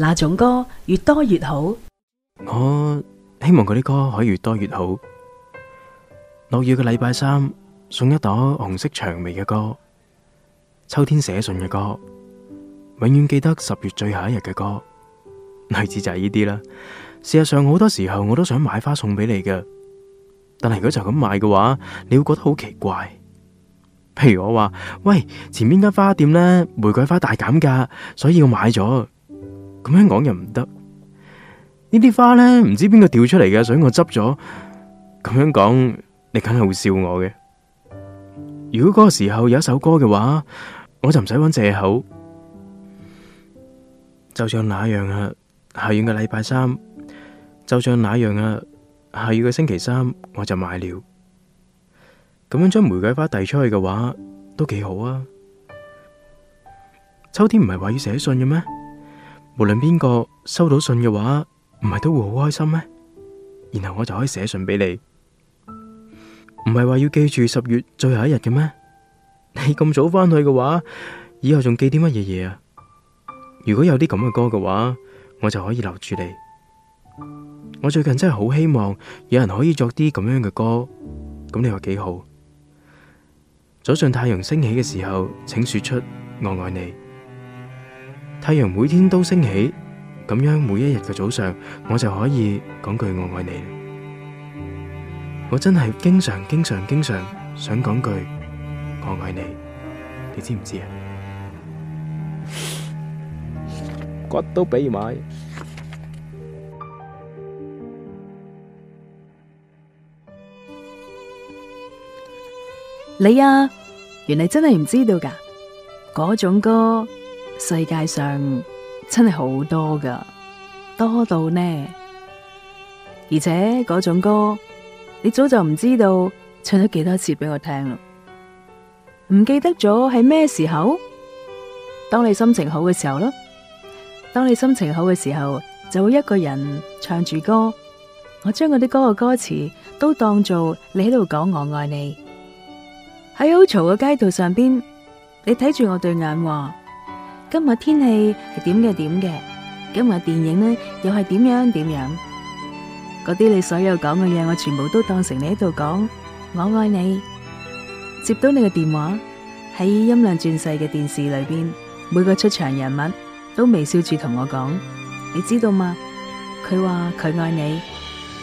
那種歌越多越好？我希望佢啲歌可以越多越好。落雨嘅禮拜三送一朵紅色薔薇嘅歌，秋天寫信嘅歌，永遠記得十月最後一日嘅歌，例子就係呢啲啦。事實上好多時候我都想買花送俾你嘅，但係如果就咁買嘅話，你會覺得好奇怪。譬如我話：喂，前面間花店呢，玫瑰花大減價，所以我買咗。咁樣講又唔得。呢啲花呢，唔知邊個掉出嚟嘅，所以我執咗。咁樣講，你梗係會笑我嘅。如果嗰個時候有一首歌嘅話，我就唔使揾借口。就像那樣啊，下個禮拜三，就像那樣啊，下個星期三我就買了。咁樣將玫瑰花遞出去嘅話，都幾好啊。秋天唔係話要寫信嘅咩？無論邊個收到信嘅話，唔係都會好開心咩？然後我就可以寫信俾你。唔係話要記住十月最後一日嘅咩？你咁早返去嘅話，以後仲記啲乜嘢嘢啊？如果有啲咁嘅歌嘅話，我就可以留住你。我最近真係好希望有人可以作啲咁樣嘅歌，咁你話幾好？早上太陽升起嘅時候，請說出我愛，愛你。太陽每天都升起，咁樣每一日嘅早上，我就可以講句我愛你。我真係經常、經常、經常想講句我愛你，你知唔知啊？骨都痹埋！你啊，原來真係唔知道噶，嗰種歌。世界上真係好多噶，多到呢，而且嗰種歌，你早就唔知道唱咗幾多次俾我聽啦，唔記得咗係咩時候，當你心情好嘅時候咯，當你心情好嘅時候，就會一個人唱住歌，我將嗰啲歌嘅歌詞都當做你喺度講我愛你，喺好嘈嘅街道上邊，你睇住我對眼話。今日天氣係點嘅點嘅，今日電影呢又係點樣點樣。嗰啲你所有講嘅嘢，我全部都當成你喺度講。我愛你，接到你嘅電話，喺音量轉細嘅電視裏邊，每個出場人物都微笑住同我講，你知道嗎？佢話佢愛你，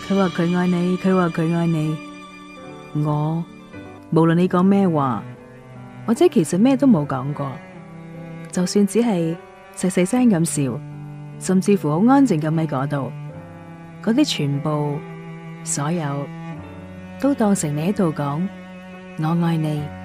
佢話佢愛你，佢話佢愛你。我，無論你講咩話，或者其實咩都冇講過。就算只係細細聲咁笑，甚至乎好安靜咁喺嗰度，嗰啲全部所有都當成你喺度講，我愛你。